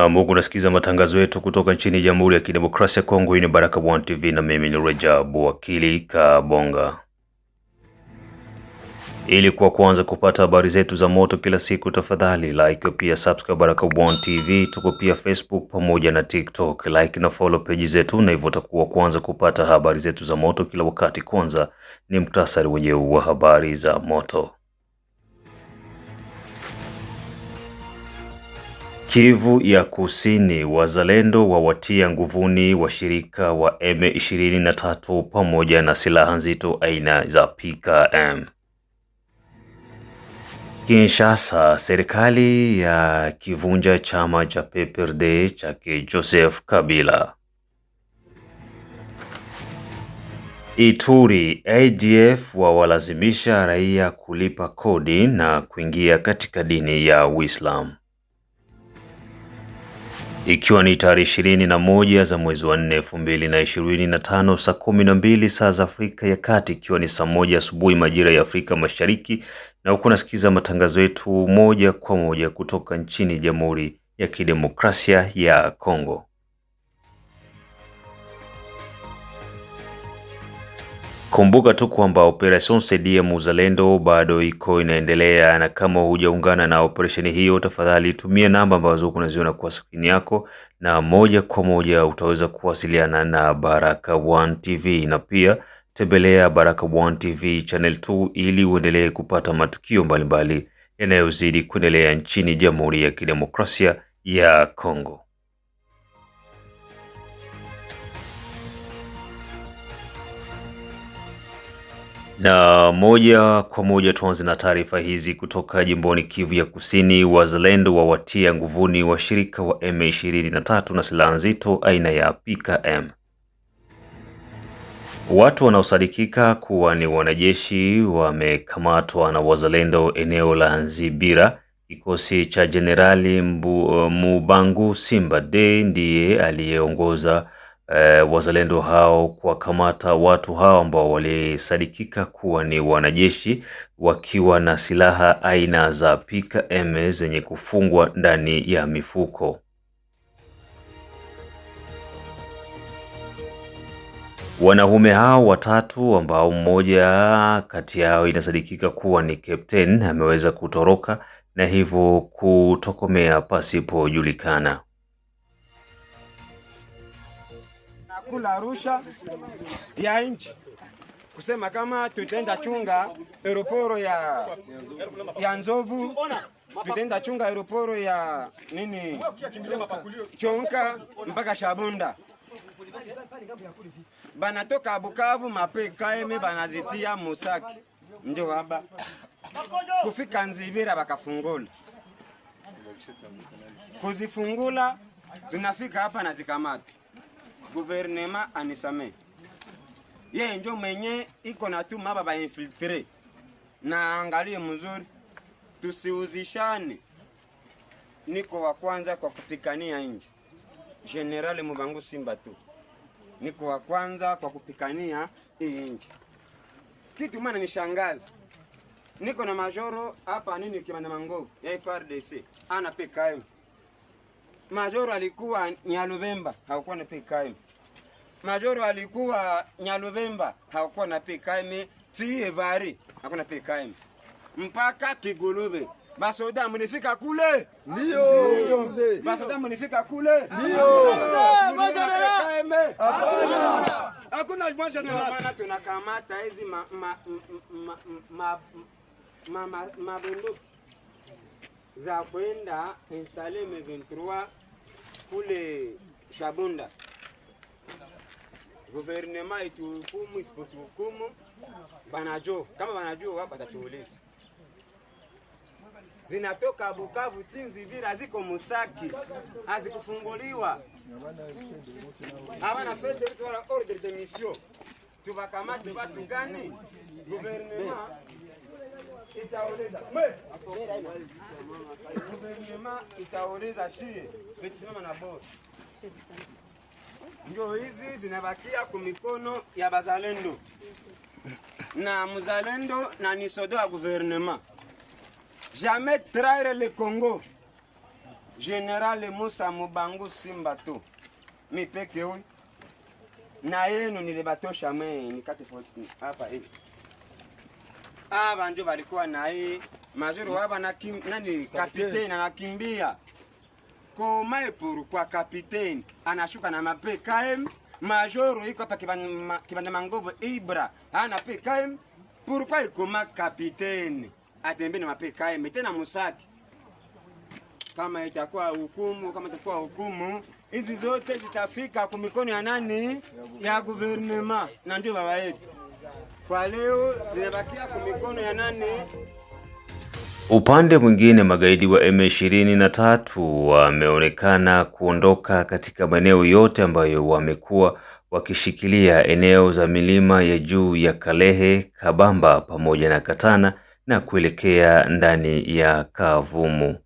Naam, huku unasikiliza matangazo yetu kutoka nchini Jamhuri ya Kidemokrasia ya Kongo. Hii ni Baraka One TV na mimi ni Rajabu Wakili Kabonga. Ili kwa kwanza kupata habari zetu za moto kila siku, tafadhali like pia subscribe Baraka One TV. Tuko pia Facebook pamoja na TikTok, like na follow page zetu, na hivyo utakuwa kwanza kupata habari zetu za moto kila wakati. Kwanza ni mktasari wenyewe wa habari za moto. Kivu ya Kusini, wazalendo wawatia nguvuni washirika wa M23 pamoja na silaha nzito aina za PKM. Kinshasa, serikali ya kivunja chama cha PPRD chake Joseph Kabila. Ituri, ADF wawalazimisha raia kulipa kodi na kuingia katika dini ya Uislamu ikiwa ni tarehe ishirini na moja za mwezi wa nne elfu mbili na ishirini na tano saa kumi na mbili saa za Afrika ya Kati, ikiwa ni saa moja asubuhi majira ya Afrika Mashariki, na huku unasikiza matangazo yetu moja kwa moja kutoka nchini Jamhuri ya Kidemokrasia ya Kongo. Kumbuka tu kwamba Operation saidia muzalendo bado iko inaendelea, na kama hujaungana na operesheni hiyo, tafadhali tumia namba ambazo unaziona kwa skrini yako, na moja kwa moja utaweza kuwasiliana na baraka One TV, na pia tembelea baraka One TV channel 2 ili uendelee kupata matukio mbalimbali yanayozidi kuendelea nchini Jamhuri ya Kidemokrasia ya Kongo. Na moja kwa moja tuanze na taarifa hizi kutoka jimboni Kivu ya Kusini. Wazalendo wawatia nguvuni washirika wa M23 na silaha nzito aina ya PKM. Watu wanaosadikika kuwa ni wanajeshi wamekamatwa na wazalendo eneo la Nzibira. Kikosi cha Jenerali Mubangu Simba Day ndiye aliyeongoza e, wazalendo hao kuwakamata watu hao ambao walisadikika kuwa ni wanajeshi wakiwa na silaha aina za PKM zenye kufungwa ndani ya mifuko. Wanaume hao watatu ambao mmoja kati yao inasadikika kuwa ni captain ameweza kutoroka na hivyo kutokomea pasipojulikana. kula Arusha ya nchi kusema kama tutaenda chunga aeroporo ya, ya Nzovu, tutaenda chunga aeroporo ya nini Chonka mpaka Shabunda. Banatoka Bukavu mape kaeme banazitia Musaki ndio waba kufika Nzibira bakafungula kuzifungula zinafika hapa na zikamata guvernema anisame ye njo mwenye iko na maba ba infiltre na angalie mzuri, tusiuzishane. Niko wa kwanza kwa kupikania nje. General Mubangu Simba tu niko wa kwanza kwa kupikania hii nje. Kitu maana nishangaza, niko na majoro hapa nini kimana mangovu ya frdc ana pekayo. Majoro alikuwa Nyalubemba, hakuwa na PKM. Majoro alikuwa Nyalubemba, hakuwa na PKM. Tievari hakuna PKM mpaka Kigulube. Basoda mnifika kule? Ndio. mzee. Basoda mnifika kule? Ndio. Hakuna. Hakuna general. tunakamata hizi ma ma ma ma ma ma mabunduki za kwenda installer M23 kule Shabunda guvernema ituhukumu, isipotuhukumu banajo kama banajo wapa batatuuliza. Zinatoka Bukavu, Tinzi, Vira ziko Musaki, hazikufunguliwa abana fete vitu wala order de mission. Tubakamate watu gani? Guvernema itaoleza Sema itauliza shie vitisimama na bora njoo hizi zinabakia kumikono ya bazalendo na muzalendo na nisodo ya guvernema Jamais traire le Congo. General Musa Mubangu Simba tu mi peke huyu na yenu nilibatosha mwe nikate hapa hivi. Aba ndio balikuwa na hii mazuri waba na kim, nani kapiteni anakimbia komae puru kwa kapiteni anashuka na mape mapkm majoro iko hapa kibanda mangobo ibra ana pe pkm puru kwa ma kapiteni atembe na mape mapkm tena musaki kama itakuwa hukumu kama itakuwa hukumu hizi zote zitafika kumikono ya nani ya guvernema na ndio baba yetu kwa leo zinabakia kumikono ya nani Upande mwingine, magaidi wa M23 wameonekana kuondoka katika maeneo yote ambayo wamekuwa wakishikilia eneo za milima ya juu ya Kalehe, Kabamba pamoja na Katana na kuelekea ndani ya Kavumu.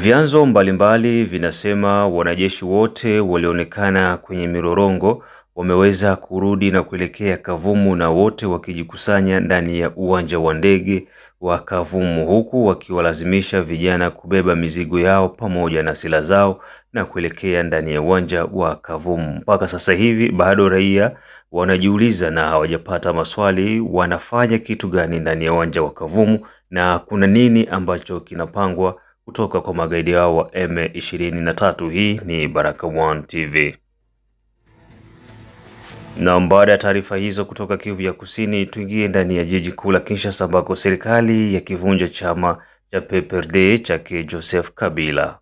Vyanzo mbalimbali vinasema wanajeshi wote walioonekana kwenye mirorongo wameweza kurudi na kuelekea Kavumu na wote wakijikusanya ndani ya uwanja wa ndege wa Kavumu huku wakiwalazimisha vijana kubeba mizigo yao pamoja na silaha zao na kuelekea ndani ya uwanja wa Kavumu. Mpaka sasa hivi bado raia wanajiuliza na hawajapata maswali, wanafanya kitu gani ndani ya uwanja wa Kavumu na kuna nini ambacho kinapangwa kutoka kwa magaidi hao wa M23. Hii ni Baraka1 TV. Na baada ya taarifa hizo kutoka Kivu ya Kusini, tuingie ndani ya jiji kuu la Kinshasa ambako serikali ya kivunja chama cha PPRD chake Joseph Kabila.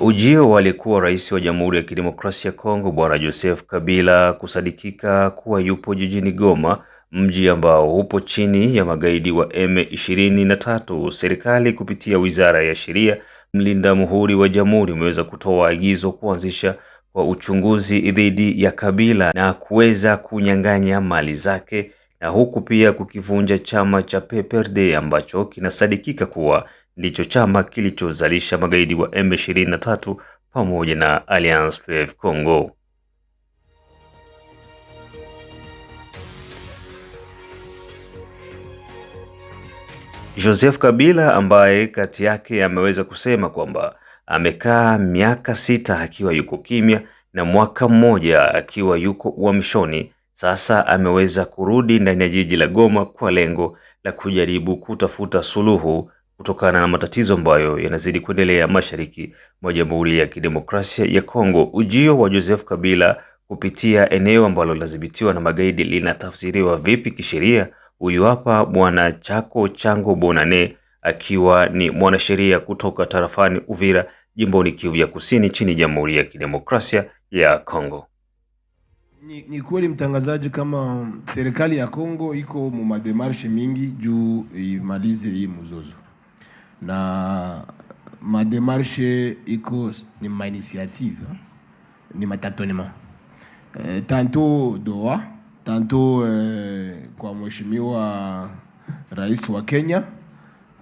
Ujio aliyekuwa rais wa Jamhuri ya Kidemokrasia ya Kongo Bwana Joseph Kabila kusadikika kuwa yupo jijini Goma mji ambao upo chini ya magaidi wa M23. Serikali kupitia Wizara ya Sheria, mlinda muhuri wa jamhuri umeweza kutoa agizo kuanzisha kwa uchunguzi dhidi ya Kabila na kuweza kunyang'anya mali zake na huku pia kukivunja chama cha PPRD ambacho kinasadikika kuwa ndicho chama kilichozalisha magaidi wa M23 pamoja na Alliance Fleuve Congo. Joseph Kabila ambaye kati yake ameweza kusema kwamba amekaa miaka sita akiwa yuko kimya na mwaka mmoja akiwa yuko uhamishoni, sasa ameweza kurudi ndani ya jiji la Goma kwa lengo la kujaribu kutafuta suluhu kutokana na matatizo ambayo yanazidi kuendelea mashariki mwa Jamhuri ya Kidemokrasia ya Kongo. Ujio wa Joseph Kabila kupitia eneo ambalo linadhibitiwa na magaidi linatafsiriwa vipi kisheria? Huyu hapa bwana Chako Chango Bonane akiwa ni mwanasheria kutoka tarafani Uvira jimboni Kivu ya Kusini chini Jamhuri ya Kidemokrasia ya Kongo. Ni, ni kweli mtangazaji, kama serikali ya Kongo iko mu mademarshe mingi juu imalize hii mzozo, na mademarshe iko ni mainisiative initiative ni matatonema e, eh, tanto doa tantôt eh, kwa mheshimiwa rais wa Kenya,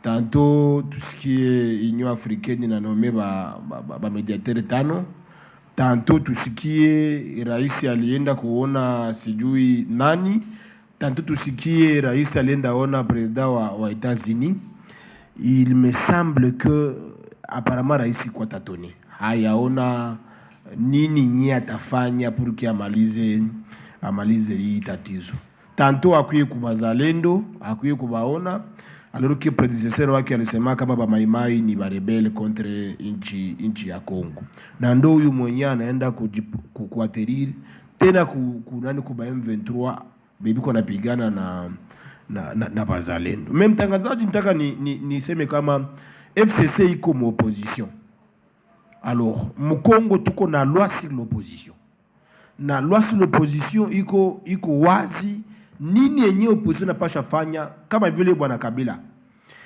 tanto tusikie Union Africaine na ba, ba, ba, ba mediatere tano, tanto tusikie rais alienda kuona sijui nani, tantu tusikie rais alienda ona presida wa, wa etats Il me semble que apparemment rais kwa tatoni hayaona nini nyi atafanya pour amalize amalize hii tatizo tanto. Akuye kubazalendo, akuye kubaona alorki predecessor wake alisema kama bamaimai ni barebel contre inchi inchi ya Kongo, na ndo huyu mwenye anaenda kukuateriri tena kunani kuba M23 bebiko napigana na na, na, na bazalendo. Mimi mtangazaji, nitaka niseme ni, ni kama FCC iko mu opposition alors mu Kongo tuko na loi sur l'opposition na lwafu na opposition iko iko wazi, nini yenye opposition anapasha fanya, kama vile bwana Kabila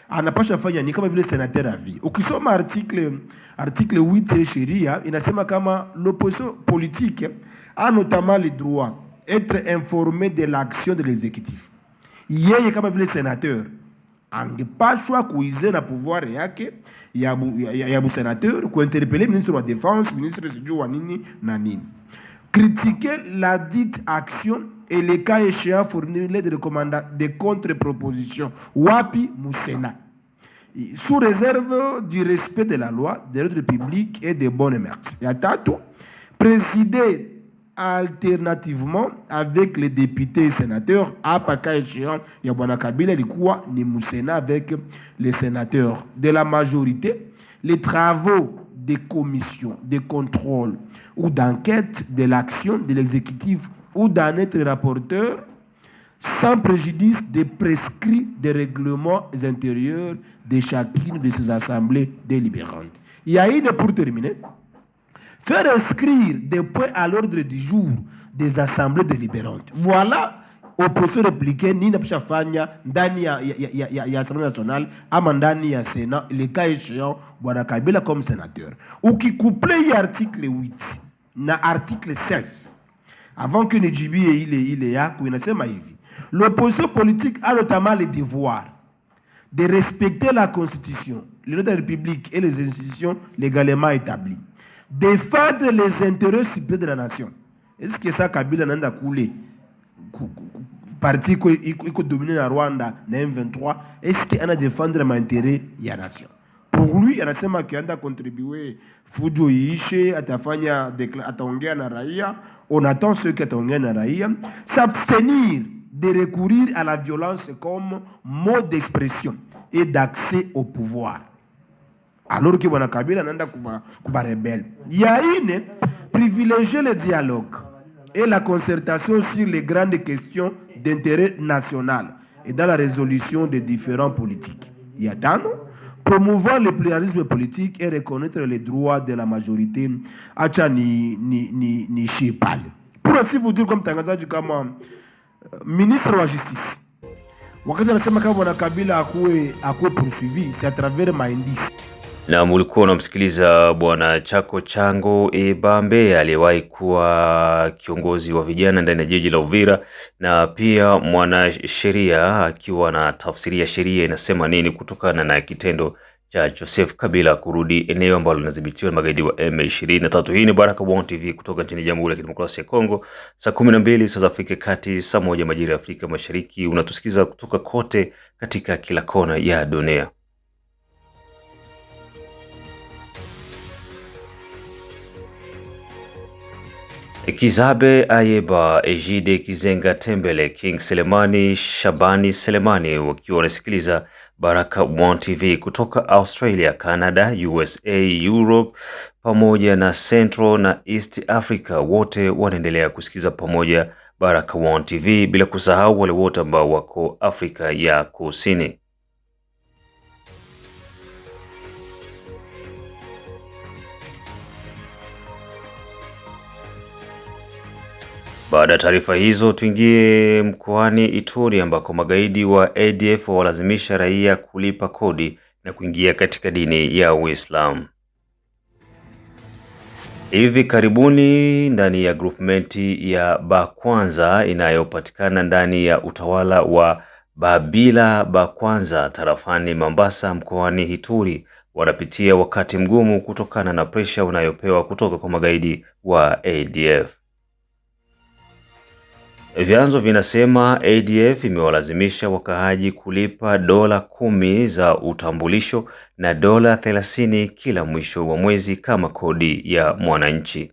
anapasha ah, fanya ni kama vile senateur à vie. Ukisoma article article 8 ya sheria inasema kama l'opposition politique a notamment le droit être informé de l'action de l'exécutif. Yeye kama vile senateur angepashwa kuize na pouvoir yake ya, bu, ya, ya, ya bu senateur kuinterpeller ministre wa defense, ministre sijui wa nini na nini critiquer la dite action et les cas échéants fournir les des contre-propositions. Wapi Moussena. Sous réserve du respect de la loi, de l'ordre public et des bonnes mœurs. Yatato, présider alternativement avec les députés et sénateurs, à Paka échéant, Yabana Kabila, ni Moussena avec les sénateurs de la majorité, les travaux des commissions, des contrôles ou d'enquête de l'action de l'exécutif ou d'en être rapporteur sans préjudice des prescrits des règlements intérieurs de chacune de ces assemblées délibérantes. Il y a une, pour terminer, faire inscrire des points à l'ordre du jour des assemblées délibérantes. Voilà l'opposition répliquée, ni ndani ya, ya, ya, ya, Assemblée nationale ama ndani ya Sénat le cas échéant bwana Kabila comme sénateur. Ukikuple hii l'article 8 na article 16 avant que nijibie ile ile yako inasema hivi, l'opposition politique a notamment le devoir de respecter la constitution, les lois de la République et les institutions légalement établies, défendre les intérêts supérieurs de la nation. Est-ce que ça Kabila n'a pas coulé parti qui a domine la Rwanda est-ce 23 a défendre l'intérêt de la nation. Pour lui qui akienda contribuer fujo iishe, atafanya ataongea na raia, on attend ceux qui ataongea na raia, s'abstenir de recourir à la violence comme mode d'expression et d'accès au pouvoir. Alors que Bwana Kabila anaenda kuba, Il y a une privilégier le dialogue et la concertation sur les grandes questions d'intérêt national et dans la résolution des différents politiques. y a Yatano, promouvoir le pluralisme politique et reconnaître les droits de la majorité à ni, ni, ni, Pour ainsi vous dire comme du kama euh, ministre de la justice c'est à travers ma indice. Na mulikuwa unamsikiliza bwana Chako Chango Ebambe aliyewahi kuwa kiongozi wa vijana ndani ya jiji la Uvira na pia mwanasheria akiwa anatafsiria sheria inasema nini kutokana na kitendo cha Joseph Kabila kurudi eneo ambalo linadhibitiwa na magaidi wa M23. Hii ni Baraka One TV kutoka nchini Jamhuri ya Kidemokrasia ya Kongo, saa 12 saa za Afrika Kati, saa moja majira ya Afrika Mashariki. Unatusikiliza kutoka kote katika kila kona ya dunia. Kizabe Ayeba, Ejide Kizenga Tembele, King Selemani, Shabani Selemani wakiwa wanasikiliza Baraka One TV kutoka Australia, Canada, USA, Europe pamoja na Central na East Africa, wote wanaendelea kusikiliza pamoja Baraka One TV, bila kusahau wale wote ambao wako Afrika ya Kusini. Baada ya taarifa hizo, tuingie mkoani Ituri ambako magaidi wa ADF wawalazimisha raia kulipa kodi na kuingia katika dini ya Uislamu. Hivi karibuni ndani ya grupmenti ya Bakwanza inayopatikana ndani ya utawala wa Babila Bakwanza tarafani Mambasa mkoani Ituri wanapitia wakati mgumu kutokana na presha wanayopewa kutoka kwa magaidi wa ADF. Vyanzo vinasema ADF imewalazimisha wakaaji kulipa dola kumi za utambulisho na dola thelathini kila mwisho wa mwezi kama kodi ya mwananchi.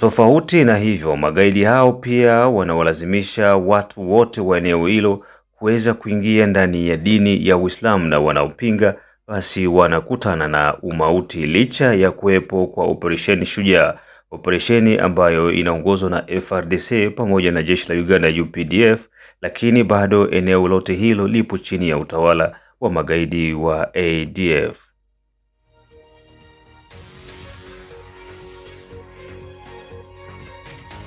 Tofauti na hivyo, magaidi hao pia wanawalazimisha watu wote wa eneo hilo kuweza kuingia ndani ya dini ya Uislamu na wanaopinga basi wanakutana na umauti licha ya kuwepo kwa operesheni Shujaa operesheni ambayo inaongozwa na frdc pamoja na jeshi la Uganda UPDF, lakini bado eneo lote hilo lipo chini ya utawala wa magaidi wa ADF.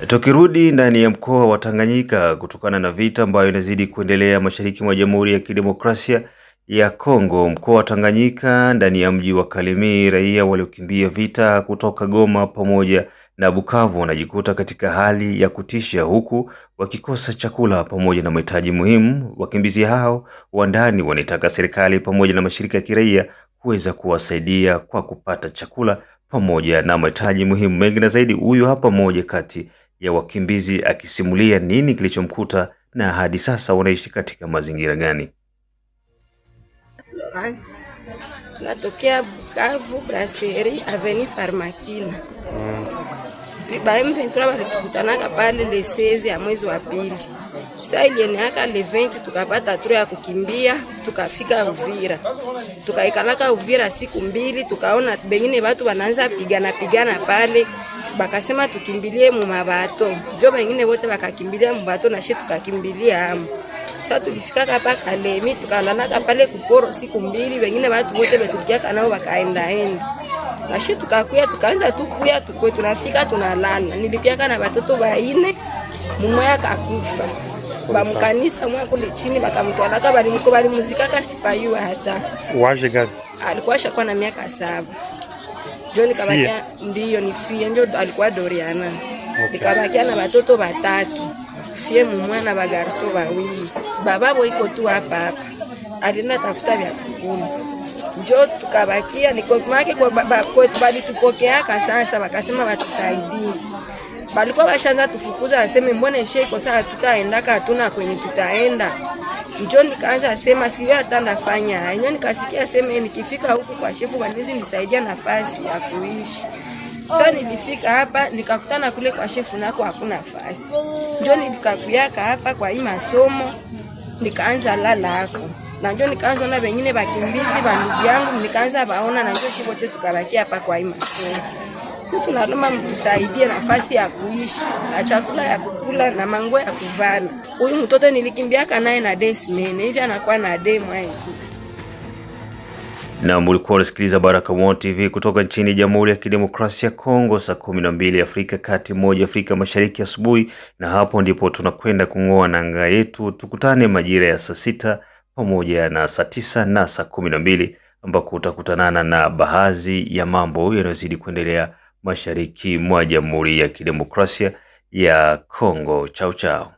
Tukirudi ndani ya mkoa wa Tanganyika, kutokana na vita ambayo inazidi kuendelea mashariki mwa Jamhuri ya Kidemokrasia ya Kongo, mkoa wa Tanganyika, ndani ya mji wa Kalemie, raia waliokimbia vita kutoka Goma pamoja na Bukavu wanajikuta katika hali ya kutisha, huku wakikosa chakula pamoja na mahitaji muhimu. Wakimbizi hao wa ndani wanaitaka serikali pamoja na mashirika ya kiraia kuweza kuwasaidia kwa kupata chakula pamoja na mahitaji muhimu mengi na zaidi. Huyu hapa mmoja kati ya wakimbizi akisimulia nini kilichomkuta na hadi sasa wanaishi katika mazingira gani. Natokea Bukavu, Brasserie Avenue Farmakina. Mm. Vibaemu Ventura walitukutanaka pale le 16 ya mwezi wa pili. Sasa ilieneaka le 20 tukapata tura ya kukimbia tukafika Uvira. Tukaikalaka Uvira siku mbili, tukaona bengine watu wanaanza pigana pigana pale. Bakasema tukimbilie mu mabato. Jo bengine wote bakakimbilia mu bato na shi tukakimbilia amu Sasa tulifika hapa Kalemi tukalala pale kuporo siku mbili, bengine watu wote betukiaka nao bakaenda enda. Nashi tukakuya tukaanza tukuya tukwe tunafika tunalala. Nilikuwa na watoto baine, mmoja akakufa. mkanisa mwa kule chini bakamtwalaka bali mko bali muzika kasi kasipayua hata. Waje gadi. Alikuwa shakuwa na miaka saba. Ndio nikabakia ndio ni fie ndio alikuwa Doriana. Okay. Nikabakia na watoto batatu. Fie na bagarso bawili. Bababo iko tu hapa hapa. Alienda tafuta vya kukula njo tukabakia nikomake balitupokeaka sasa, bakasema batusaidie. Balikuwa bashanza tufukuza, aseme mbona ishe iko tutaendaka, hatuna kwenye tutaenda. Njo nikaanza sema siwe hata nafanya enye, nikasikia sema eh, nikifika huku kwa shefu wanezi nisaidia nafasi ya kuishi sasa nilifika hapa nikakutana kule kwa shefu nako hakuna nafasi, njo nilikakuyaka hapa kwa hii masomo nikaanza lala hako nanjo nikaanza na wengine bakimbizi bandugu yangu nikaanza baona, na nanjo shibote tukabakia hapa kwa hii tu, tunalomba mtusaidie nafasi ya kuishi na chakula ya kukula na manguo ya kuvana. Huyu mtoto nilikimbiaka naye na desimene hivi anakuwa na de mwezi na mulikuwa unasikiliza Baraka One TV kutoka nchini Jamhuri ya Kidemokrasia ya Kongo, saa kumi na mbili Afrika Kati, moja Afrika Mashariki asubuhi. Na hapo ndipo tunakwenda kung'oa nanga yetu, tukutane majira ya saa sita pamoja na saa tisa na saa kumi na mbili ambako utakutanana na baadhi ya mambo yanayozidi kuendelea mashariki mwa Jamhuri ya Kidemokrasia ya Kongo. Chao chao.